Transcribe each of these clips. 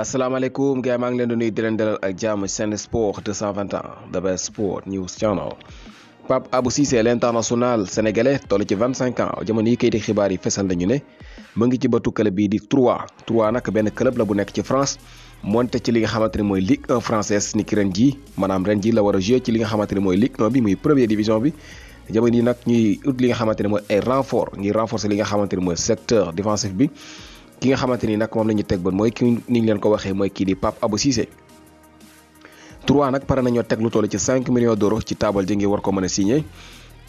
asalaamaaleykum gars maa ngi leen di nuyu di leen dalal ak jàmm Sen Sport 221 The Best Sport News Channel Pape Abou Cissé l'international sénégalais toll ci 25 ans jamono yi kayiti xibaar yi fesal nañu ne mu ngi ci bëtu club bii di 3 3 nag benn club la bu nekk ci France monte ci li nga xamante ne mooy Ligue 1 française ni ki ren jii maanaam ren jii la war a ci li nga xamante ne mooy Ligue 1 bi muy première division bi jamono yi nag nga xamante ne mooy ay renfort ngir renforcer li nga xamante ne mooy secteur défensif bi ki nga xamante ni nag moom la ñu teg bët mooy ki ni ñu leen ko waxee mooy kii di Pape Abou Cissé trois nag pare nañoo teg lu toll ci cinq millions d'euros ci taabal ji ngi war ko mën a signé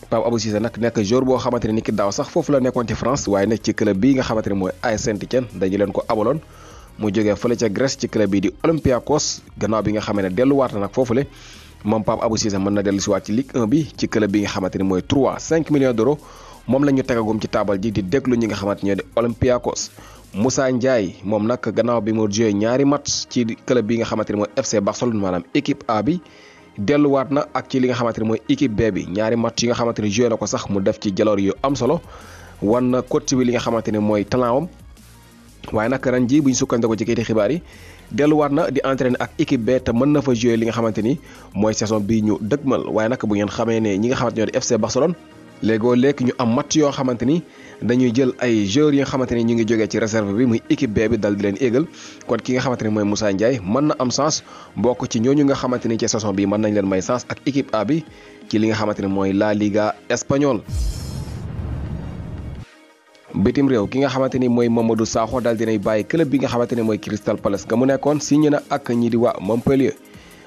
Pape Abou nag nekk joueur boo xamante ni ki daaw sax foofu la nekkoon ci France waaye nag ci club bi nga xamante ni mooy AS Saint-Étienne dañu leen ko abaloon mu jógee fële ca Grèce ci club bi di Olympiakos gannaaw bi nga xamee ne delluwaat na nag foofu moom Pape Abou Cissé na dellu siwaat ci Ligue bi ci club bi nga xamante ni mooy 3 5 millions moom la ñu tegagum ci taabal ji di déglu ñi nga xamante ñoo Moussa Ndiaye moom nag gannaaw bi mu joué ñaari match ci club bi nga xamante ne mooy FC Barcelone maanaam équipe A bi delluwaat na ak ci li nga xamante ne mooy équipe B bi ñaari match yi nga xamante ne joué na ko sax mu def ci jaloor yu am solo wan na coach bi li nga xamante ne mooy talent am waaye nag ren jii bu ñu sukkandikoo ci kayiti xibaar yi delluwaat na di entraîner ak équipe B te mën na fa jouer li nga xamante ni mooy saison bi ñu dëgmal waaye nag bu ngeen xamee ne ñi nga xamante ñoo di FC Barcelone Lego lek ñu am match yo xamanteni dañuy jël ay joueurs yo xamanteni ñu ngi joggé ci réserve bi muy équipe B bi dal di leen égal kon ki nga xamanteni moy Moussa Ndiaye man na am sens bok ci ñooñu nga xamanteni ci saison bi man nañ leen may sens ak équipe A bi ci li nga xamanteni moy La Liga Espanol. bitim rew ki nga xamanteni moy Mamadou Sakho dal dinay baye club bi nga xamanteni moy Crystal Palace nga mu nekkoon signé na ak ñi di wa Montpellier.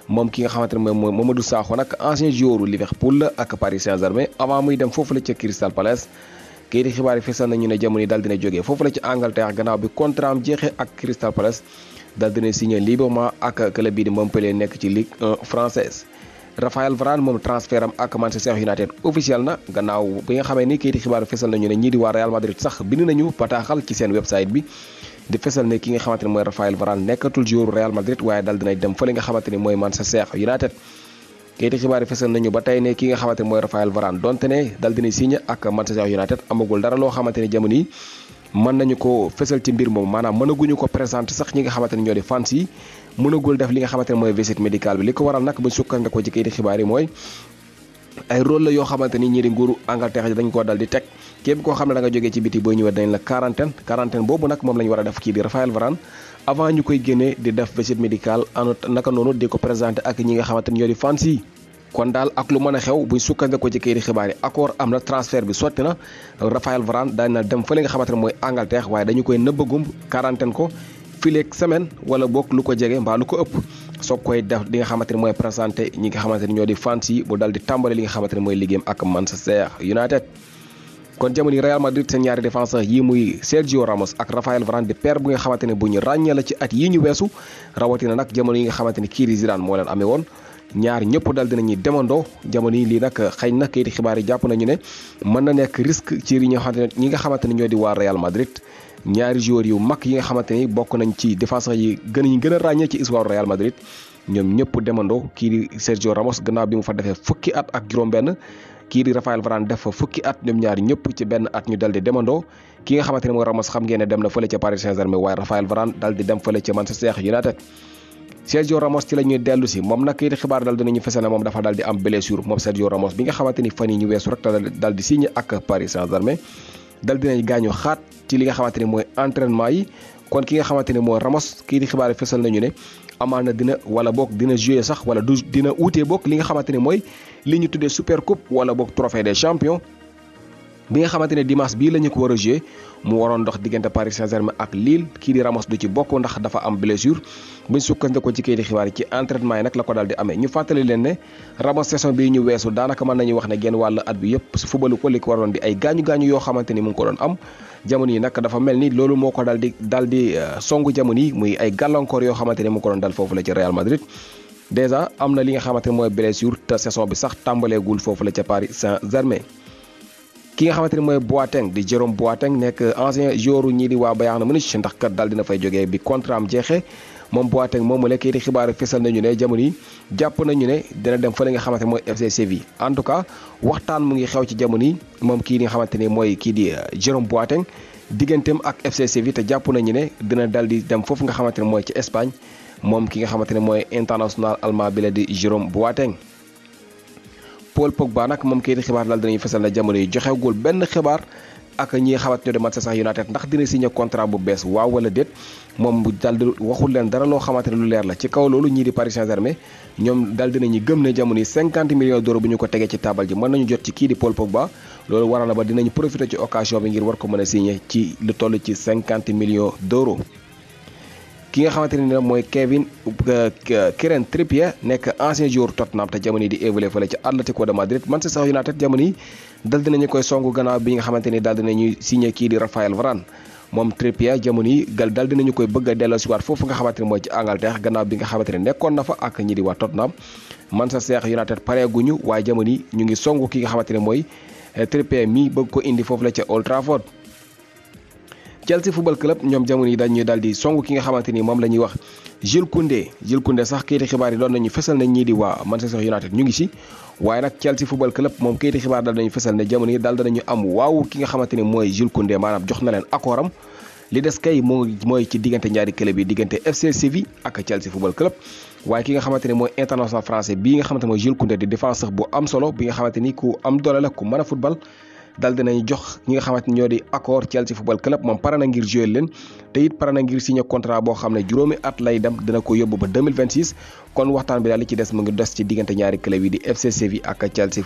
moom ki nga xamante ne moom mooy Mamadou Sakho nag ancien joueur Liverpool ak Paris Saint-Germain avant muy dem foofu la ca Crystal Palace kii xibaar yi fesal nañu ne jamono yi dina jógee foofu la ci Angleterre gannaaw bi contrat am jeexee ak Crystal Palace daal dina signé librement ak club bii di Montpellier nekk ci Ligue 1 française Raphaël Varane moom transfert am ak Manchester United officiel na gannaaw bi nga xamee ni kii di xibaar fesal nañu ne ñii di waa Real Madrid sax bind nañu seen di fesal ne ki nga xamante ne mooy Raphaël Varane nekkatul joueur Real Madrid waaye daal dinay dem fële nga xamante ni mooy Manchester United kayiti xibaar yi fesal nañu ba tey ne ki nga xamante mooy Raphaël Varane donte ne dal dinay signé ak Manchester United amagul dara loo xamante ne jamono yi mën nañu ko fesal ci mbir moom maanaam mënaguñu ko présenté sax ñi nga xamante ne ñoo di fans yi mënagul def li nga xamante ne mooy visite médicale bi li ko waral nag bu sukkandiku ci kayiti xibaar ay rôle la yoo xamante ni ñii di nguuru a dañ koo dal di teg képp koo xam ne da nga jógee ci biti booy ñëwee dañ la quarantaine quarantaine boobu nag moom la war a def kii di Raphaël Varane avant ñu koy génnee di def visite médicale anu naka noonu di ko présenté ak ñi nga xamante ni ñoo di fans yi kon daal ak lu mën a xew buñ ko ci kayit xibaar yi accord am na transfert bi sotti na Raphaël Varane daañu na dem fële nga xamante ne mooy Angleterre waaye dañu koy nëbbagum quarantaine ko fileeg semaine wala boog lu ko jege mbaa lu ko ëpp soog koy def li nga xamante ne mooy présenté ñi nga xamante ne ñoo di fans yi bu dal di tàmbale li nga xamante ne mooy liggéeyam ak Manchester United. kon jamono yi Real Madrid seen ñaari défenseur yi muy Sergio Ramos ak Raphaël Varane di paire bu nga xamante ne bu ñu ràññee la ci at yi ñu weesu rawatina nag jamono yi nga xamante ne kii di Zidane moo leen amee woon. ñaar ñëpp dina dinañuy demando jamono yi lii nag xëy na kayiti xibaar yi jàpp nañu ne mën na nekk risque ci ñi nga xamante ne ñi nga xamante ne ñoo di waa Real ñaari joueurs yu mag yi nga xamante ni bokk nañ ci défenseur yi gën ñu gën a ràññee ci histoire Real Madrid ñoom ñëpp demandoo kii di Sergio Ramos gannaaw bi mu fa defee fukki at ak juróom-benn kii di Raphaël Varane def fa fukki at ñoom ñaar ñëpp ci benn at ñu dal di demandoo ki nga xamante mooy Ramos xam ngeen dem na fële ca Paris Saint-Germain waaye Raphaël Varane dal di dem fële ca Manchester United. Sergio Ramos ci la ñuy dellu si moom nag it xibaar dal moom dafa dal di am xamante ni fan yi ñu weesu rek dal di signé dal dinañ gañu xaat ci li nga xamanteni moy entraînement yi kon ki nga xamanteni moy Ramos ki di xibaare fessel nañu ne amana dina wala bok dina jouer sax wala dina outé bok li nga xamanteni moy li ñu tuddé super coupe wala bok trophée des champions bi nga xamantene dimanche bi lañu ko wara jouer mu waron dox digënté Paris Saint-Germain ak Lille ki di Ramos du ci bokk ndax dafa am blessure buñ ko ci kayiti xibaar ci entraînement nak la ko daldi amé ñu fatali leen né Ramos saison bi ñu wessu danaka man nañu wax né genn walu at bi yépp su football ko li waron di ay gañu gañu yo xamanteni mu ko doon am jamono yi nak dafa melni lolu moko daldi daldi euh, songu jamono yi muy ay galankor yo xamanteni mu ko doon dal fofu la ci Real Madrid déjà amna li nga xamanteni moy blessure ta saison bi sax tambalé gul fofu la ci Paris Saint-Germain ki nga xamante ni mooy Boateng di Jérôme Boateng nekk ancien joueur ñii di waa Bayern Munich ndax kat daal dina fay jógee bi contrat am jeexee moom Boateng moom mu lekkee di xibaar fesal nañu ne jamono yi jàpp nañu ne dina dem fa nga xamante ni mooy FC en tout cas waxtaan mu ngi xew ci jamono yi moom kii nga xamante ni mooy kii di euh, Jérôme Boateng digganteem ak FC te jàpp nañu ne dina dal di dem foofu nga xamante ne mooy ci Espagne moom ki nga xamante ne mooy international allemand bi la di Jérôme Boateng Paul Pogba nag moom kayiti xibaar daal dinañu fesal na jamono yi joxewul benn xibaar ak ñi xamat ñoo de Manchester United ndax dina signé contrat bu bees waaw wala déet moom daal di waxul leen dara loo xamante ne lu leer la ci kaw loolu ñii di Paris Saint-Germain ñoom daal dinañu gëm ne jamono yi 50 millions d'euros bu ñu ko tegee ci taabal ji mën nañu jot ci kii di Paul Pogba loolu waral na ba dinañu profité ci occasion bi ngir war ko mën a signé ci lu toll ci 50 millions d'euros ki nga xamante ne mooy Kevin euh, Kieran Trippier nekk ancien joueur Tottenham te jamono yi di évoluer fële ci Atlético de Madrid Manchester United jamono yi dal dinañu koy songu bi nga xamante ni dal dinañuy signé kii di Raphaël Varane moom Trippier jamono yi gal dal dinañu koy bëgg a delloosiwaat foofu nga xamante ne mooy ci Angleterre gannaaw bi nga xamante ne nekkoon na fa ak ñi di waa Tottenham Manchester United ñu waaye jamono yi ñu ngi songu ki nga xamante ne mooy euh, Trippier mi bëgg ko indi foofu la ca Old Trafford Chelsea Football Club ñoom jamono yi dañuy daal di song ki nga xamante ni moom la ñuy wax Jules Koundé sax kayiti xibaar yi doon nañu fesal nañ ñii di waa Manchester United ñu ngi si waaye nag Chelsea Football Club moom kayiti xibaar daal nañu fesal ne jamono yi daal danañu am waaw ki nga xamante mooy Jules Koundé maanaam jox na leen accord li des kay moo mooy ci diggante ñaari club yi diggante FC Séville ak Chelsea Football Club waaye ki nga xamante ni mooy international français nga xamante mooy Jules Koundé di défenseur bu am solo bi nga xamante ni dal dinañ jox ñi nga xamante ñoo di accord Chelsea Football Club moom pare na ngir jouer leen te it pare na ngir signé contrat boo xam ne juróomi at lay dem dina ko yóbbu ba 2026 kon waxtaan bi daal li ci des mu ngi des ci diggante ñaari club yi di FC Séville ak Chelsea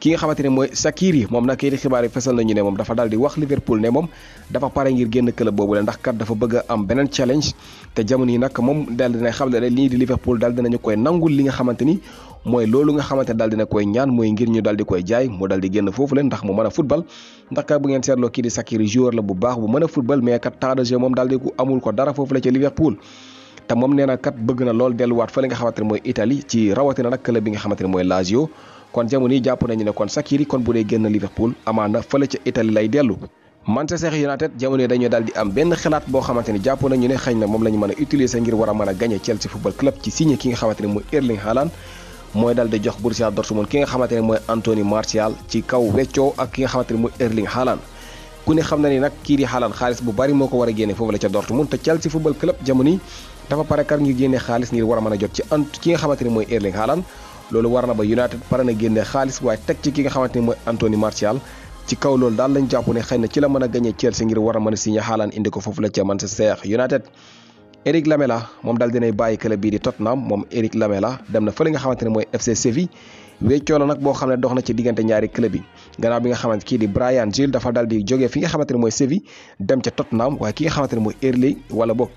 ki nga xamante ne mooy Shaqiri moom nag kayiti xibaar yi fesal nañu ne moom dafa daal di wax Liverpool ne moom dafa pare ngir génn club boobu la ndax kat dafa bëgg am beneen challenge te jamono yi nag moom daal dina xam ne lii di Liverpool daal dinañu koy nangul li nga xamante ni mooy loolu nga xamante ne daal dina koy ñaan mooy ngir ñu daal di koy jaay mu daal di génn foofu leen ndax mu mën a football ndax kat bu ngeen seetloo kii di Sakiri joueur la bu baax bu mën a football mais kat moom daal di ko amul na kat bëgg na lool delluwaat ne mooy Italie ci rawatina nag club bi mooy Lazio kon jamono jàpp nañu ne kon Sakiri kon bu dee génn Liverpool amaana fële ca Italie lay dellu Manchester United jamono dañoo daal di am benn xalaat boo xamante ni jàpp nañu ne xëy na moom la ñu mën a ngir war a mën a gagné football club ci signé ki nga xamante ne mooy Erling mooy dal di jox Borussia Dortmund ki nga xamante ne mooy Anthony Martial ci kaw weccoo ak ki nga xamante ne mooy Erling Haaland ku ne xam na ni nag kii di Haaland xaalis bu bari moo ko war a génne foofu la ca Dortmund te Chelsea football club jamono yi dafa pare kar ngir génne xaalis ngir war mën a jot ci ant ki nga xamante ne mooy Erling Haaland loolu war na ba United pare na génne xaalis waaye teg ci ki nga xamante ne mooy Anthony Martial ci kaw loolu daal lañ jàpp ne xëy na ci la mën a gañe Chelsea ngir war mën a signé Haaland indi ko foofu la ca Manchester United Eric Lamela moom daal dinay bàyyi club bii di Tottenham moom Eric Lamela dem na fële nga xamante ne mooy FC Séville weccoo la nag boo xam ne dox na ci diggante ñaari club yi gannaaw bi nga xamante kii di Bryan Gil dafa daal di jógee fi nga xamante ne mooy dem ca Tottenham waaye ki nga xamante ne mooy Erling wala bokk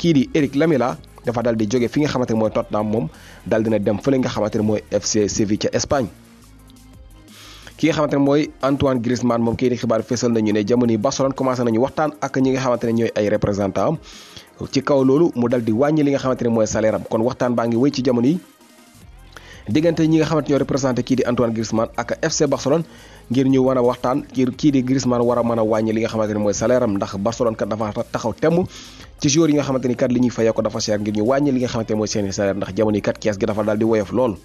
kii di Eric Lamela dafa daal di jógee fi nga xamante ne mooy Tottenham moom daal dina dem fële nga xamante ne mooy FC Séville ca Espagne ki nga xamante ne mooy Antoine Griezmann moom kii di xibaar fésal nañu ne jamono yi Barcelone commencé nañu waxtaan ak ñi nga xamante ne ñooy ay représentant ci kaw loolu mu dal di wàññi li nga xamante ne mooy salaire kon waxtaan baa ngi wéy ci jamono yi nga xamante ñoo représenté kii di Antoine Griezmann ak FC Barcelone ngir a a mën a wàññi li nga xamante ne mooy salaire am ndax Barcelone kat dafa taxaw temm ci joueurs yi nga xamante ni kat li ñuy fayee ko dafa cher ngir ñu wàññi li nga xamante mooy seeni salaire ndax jamono kat kees gi dafa dal di woyof lool